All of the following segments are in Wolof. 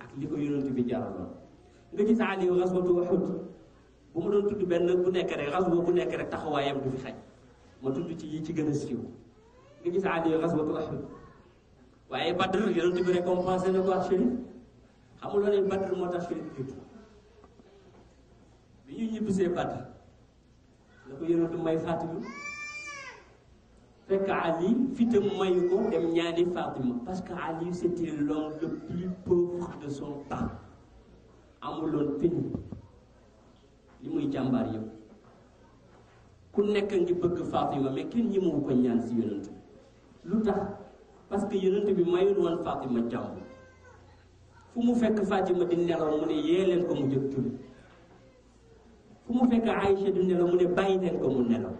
ak li ko yonent bi jaraloon nga gis Aliou xaswatu Uhud bu mu doon tudd benn bu nekk rek xaswa bu nekk rek taxawaayam du fi xaj ma tudd ci yi ci gën a siiw nga gis Aliou xaswatu Uhud waaye Badr yonent bi récompensé na ko ak Chérif xamuloo ne Badr moo tax Chérif jiitu bi ñu ñibbisee Badr la ko yonent may fàttali fekk Ali fitam Mayuko ko dem ñaani Fatima parce que Ali c'était l'homme le plus pauvre de son temps amuloon peñu li muy jàmbaar yëpp ku nekk ngi bëgg Fatima mais kenn ñi mu ko ñaan si yonent bi lu tax parce que yonent bi mayul woon Fatima jàmm Fumu mu fekk Fatima di nelaw mu ne yee leen ko mu jóg julli fu fekk Aïcha di nelaw mu ne bàyyi ko mu nelaw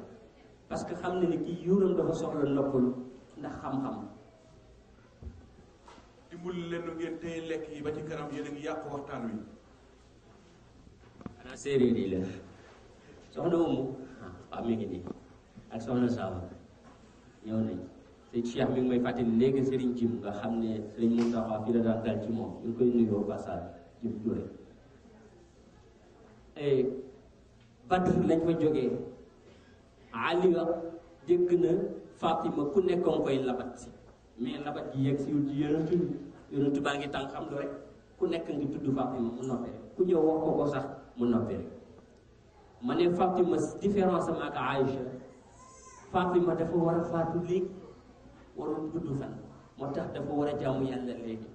parce que xam na ni kii yuuram dafa soxla noppalu ndax xam-xam dimbali leen ngeen tey lekk yi ba ci kanam yéen a ngi yàq waxtaan wi xanaa séeréer yi la soxna umu waaw mi ngi nii ak soxna saawa ñëw nañ sëñ Cheikh mi ngi may fàttali léegi sëriñ jim nga xam ne sëriñ Moustapha fi la daan dal ci moom ñu ngi koy nuyoo passage jim Touré eh, Badr lañ fa jógee Aliya dégg na Fatima ku nekkoon koy labat si mais labat gi yegg si wul ci yonent baa ngi tànk xam lu rek ku nekk ngi tudd Fatima mu noppi rek ku ñëw wax ko ko sax mu noppi rek ma ne Fatima différence am ak Aïcha dafa war a faatu léegi waroon gudd fan moo tax dafa war a jaamu yàlla léegi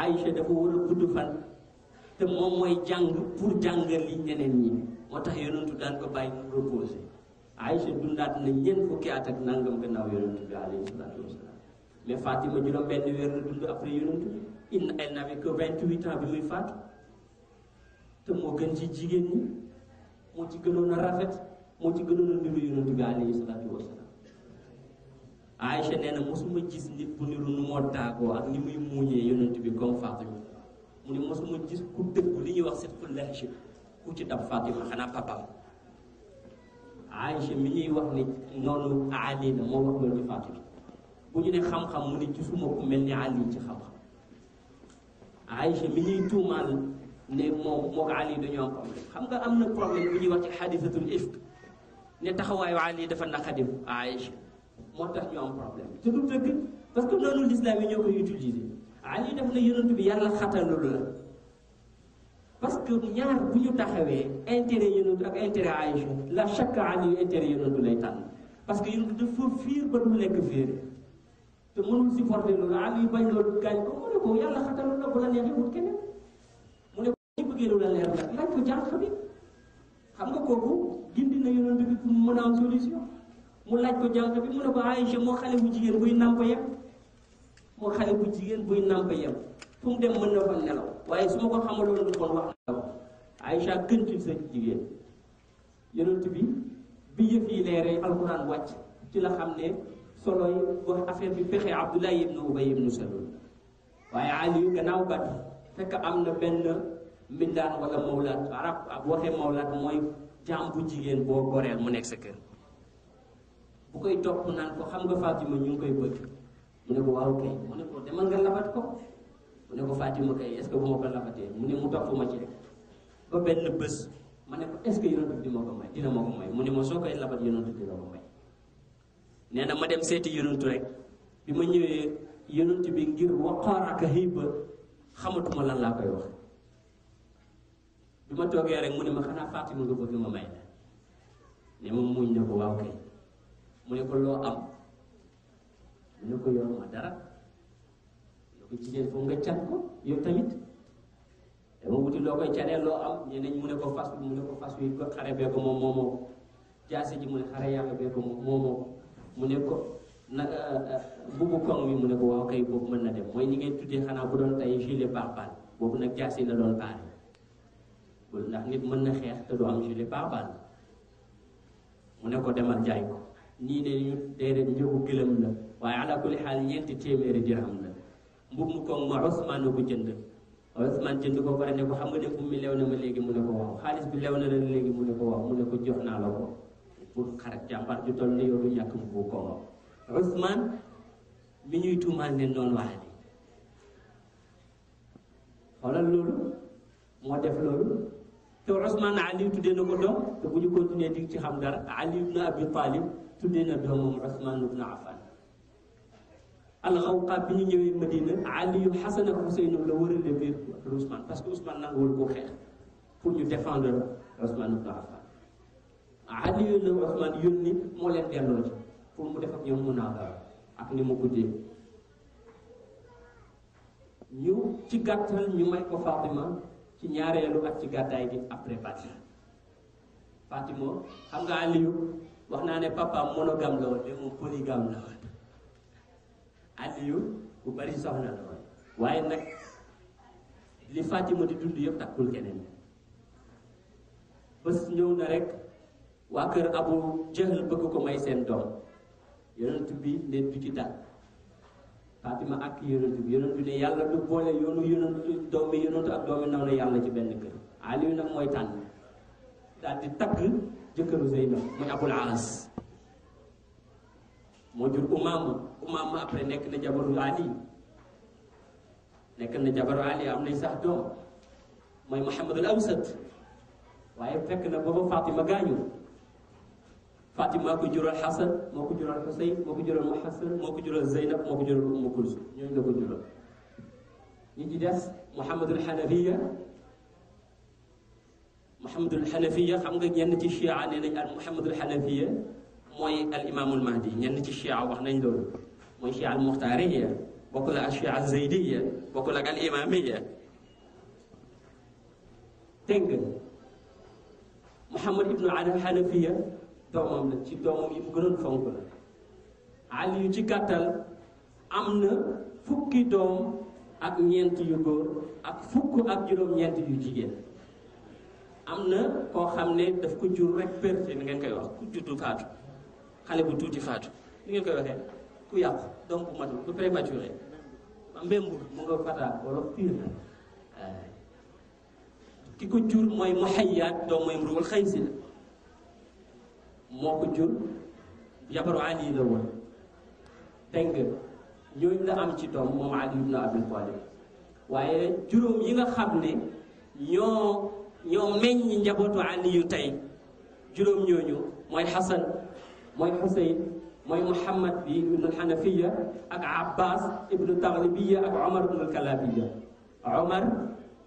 Aïcha dafa war a gudd fan te moom mooy jàng pour jàngal li ñeneen ñi moo tax yonentu daan ko bàyyi mu Aïcha dundaat na ñeent fukki at ak nangam gannaaw yonent bi alayhi salaatu wa salaam mais Fatima benn weer la après yonent bi in elle n'avait que vingt huit ans bi muy faatu te moo gën ci jigéen ñi moo ci gënoon a rafet moo ci gënoon a niru yonent bi alayhi muy muuñee yonent bi comme Fatima mu ne mosuma gis ku dëgg li ñuy wax sitku lahj ku ci dab Fatima xanaa papam عائشة مني وحني نون علي نما وحمل بفاتي بني خم خم مني تسمع مني علي تخم خم عائشة مني تومال نما مو علي دنيا قبل خم قال أمن قبل بني وقت حادثة الإفك نتخوى علي دفن نخدم عائشة ما تحني أم قبل تدوب تدوب بس كنا نقول الإسلام ينقل يتجزي علي دفن ينقل بيار لخطر لولا parce que ñaar bu ñu taxawee intérêt yonent ak intérêt Aïcha la chaque année intérêt yonent lay tànn parce que yonent dafa fiir ba du lekk fiir te mënul supporter loolu Aliou ah, bañ loolu mu ne ko yàlla xatalul na bu la neexee wut keneen laaj ko jàng xam xam nga kooku gindi na yonent bi pour mu mën a am solution mu laaj ko jàng bi mu ne ko Aïcha moo xale bu jigéen buy nàmp yem moo xale bu jigéen buy nàmp yem fu mu dem mën na fa nelaw. waaye su ma ko xamaloon lu kon wax na ko Aïcha gën ci sa jigéen yonent bi bi yëf yi leeree alxuraan wàcc ci la xam ne solo yu wax affaire bi pexe Abdullah ibn Ubay ibn Salul waaye Aliou gannaaw bat fekk am na benn mbindaan wala mawlaat arab ab mawlaat mooy jaam bu jigéen boo goreel mu nekk sa kër bu koy topp naan ko xam nga Fatima ñu ngi koy bëgg mu ne waaw kay mu ne ko nga labat ko mu ne ko fatima kay est ce que bu ma ko labatee mu ne mu topp ma ci rek ba benn bés ma ne ko est ce que yonent bi ma ko may dina ma ko may mu ne ma soo koy labat yonent bi la may nee ma dem seeti yonent rek bi ma ñëwee yonent bi ngir waqaaraka hiba xamatuma lan laa koy wax bi ma toogee rek mu ne ma xanaa fatima nga bëgg ma may la ne ma muñ ne ko waaw kay mu ne ko loo am mu ne ko yoruma dara bu jigéen fo nga cat ko yow tamit dama wuti loo koy loo am ñeneen mu ne ko fas mu ne ko fas wi ko xare bee ko moom moomoo ko jaase ji mu ne xare yàlla bee ko moom moomoo ko mu ne ko nag bubu koŋ mi mu ne ko waaw kay boobu mën na dem mooy ni ngeen tuddee xanaa bu doon tey gilet boobu nag jaase la doon bul ndax nit mën na xeex te du am gilet pare mu ne ko demal jaay ko nii de ñu déedéet njëgu gëlëm la waaye ala kulli xaal ñeenti téeméeri dirham mbubb mu koŋ ma Ousmane na jënd Ousmane jënd ko pare ne ko xam nga ne mbubb mi lew na ma léegi mu ne ko waaw xaalis bi lew na la léegi mu ne ko waaw mu ne ko jox naa la ko pour xarak jàmbaar ju toll ni yow du ñàkk mbubb mu koŋam Ousmane mi ñuy tuumaal ne noonu waale xoolal loolu moo def loolu te Ousmane Ali tuddee na ko doom te bu ñu ko tuddee di ci xam dara Ali ibn Abi Talib tuddee na doomam Ousmane ibn Affan alxawqaa bi ñu ñëwee Madina Aliyu Xasan ak Ousseynou la wërale biir ak Ousmane parce que Ousmane nanguwul koo xeex pour ñu défendre Ousmane ibn Affan la Ousmane moo leen mu def ak ñoom munaadara ak ni mu guddee ñu ci gàttal ñu may ko Fatima ci ñaareelu ak ci gàddaay gi après Badr Fatima xam nga Aliyu wax naa ne papa monogame la woon mais moom polygame la woon Aliyu bu bari soxna la woon waaye nag li Fatima di dund yëpp takkul keneen bés ñëw na rek waa kër Abu Jahl bëgg ko may seen doom yonent bi ne du ci dal Fatima ak yonent bi yonent ne yàlla du boole yoonu yonent doomi yonent ak doomi naw na yàlla ci benn kër Aliyu nag mooy tànn daal di takk jëkkëru Zeynab muy Abul Aas moo jur umaamu umaamu après nekk na jabaru ali nekk na jabaru ali am nañ sax doom mooy al Awsat waaye fekk na booba Fatima gaañu Fatima ko jural Xasan moo ko jural Xuseyn moo ko jural Muhasan moo ko jural Zeynab moo ko jural Umu Kulsum ñooñu la ko jural ñi ci des Mouhamadul Xanafiya al Xanafiya xam nga ñenn ci chia nee nañ al al Xanafiya mooy al imaamul mahdi ñenn ci chia wax nañ loolu mooy chia al muxtaariya bokkul ak chia al zaydiya bokkul ak al imaamiya dégg Muhammad ibnu Ali Hanafiya doomam la ci mu gënoon fonk la Ali yu ci gàttal am na fukki doom ak ñeent yu góor ak fukk ak juróom-ñeent yu jigéen am na koo xam ne daf ko jur rek perte ni ngeen wax ku juddu faatu xale bu tuuti faatu li ngeen koy ku yàqu donc bu matul bu prématuré mbémbul mu nga fata wala piir ki ko jur mooy mu xayaat doom moo ko jur jabaru ali la woon dégg nga ñooñu la am ci doom moom ali ibn abi talib waaye juróom yi nga xam ne ñoo ñoo meññ njabootu ali tey juróom ñooñu mooy xasan mooy Xuseyn mooy Muhammad bi ibnu Xanafiya ak Abbas ibnu Taglibiya ak Omar ibnu Kalabiya Omar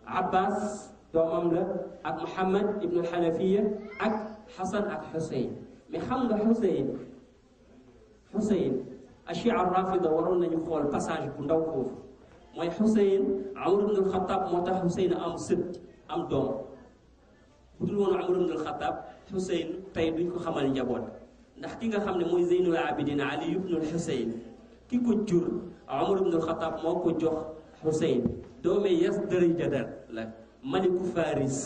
Abbas doomam la ak Muhammad ibnu Xanafiya ak Xasan ak Xuseyn mais xam nga Xuseyn Xuseyn ashia rafida waroon nañu xool passage bu ndaw foofu mooy Xuseyn Amar ibnu Xataab moo tax Xuseyn am sët am doom bu dul woon Amar ibnu Xataab Xuseyn tey duñ ko xamal njaboot. ndax ki nga xam ne mooy zeynul abidin ali ibnul xuseyn ki ko jur omar ibnul xataab moo ko jox xuseyn doome yas dërëy jadar la maliku faris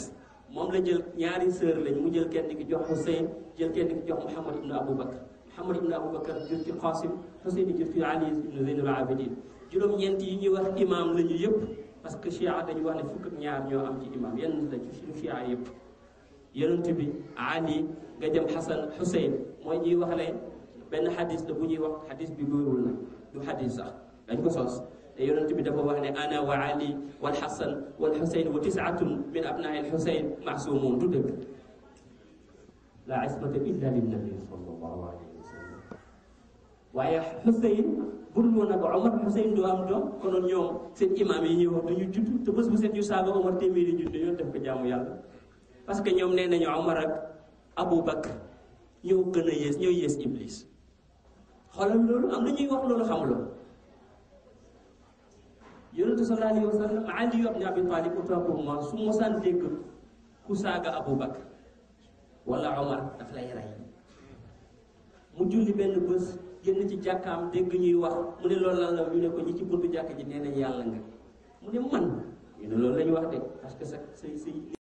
moom la jël ñaari sœur lañ mu jël kenn ki jox xuseyn jël kenn ki jox muhammad ibnu abubakar muhammad ibnu abubakar jur ci xaasim xuseyn jur ci ali ibnu zeynul abidin juróom-ñeent yi ñuy wax imam lañu yëpp parce que chia dañu wax ne fukk ak ñaar ñoo am ci imam yenn la ci chia yëpp yonent bi ali nga jëm hasan hussein mooy ñuy wax ne benn xadis la bu ñuy wax xadis bi wóorul na du xadis sax dañ ko sos te yonent bi dafa wax ne ana wa ali wal hasan wal hussein wa tisatun min abnaa al hussein mahsumun du dëgg la ismata illa linnabi sallallahu alayhi wa sallam waaye hussein budul woon nag omar hussein du am doom konoon ñoom seen imam yi ñuy wax duñu judd te bés bu seen ñu saaga omar téeméeri junne yoon def ko jaamu yàlla parce que ñoom nee nañu omar ak abou bakr ñoo gën yes iblis xoolal loolu am na ñuy wax loolu xamuloo yonentu sallallahu alayhi wa ali ibn abi talib autour su mosaan dégg ku saaga abou bakr wala omar daf lay rey mu julli benn bés génn ci ñuy wax mu ne la ñu ne ko ñi ci buntu ji nga mu ne man ñu wax de parce que sa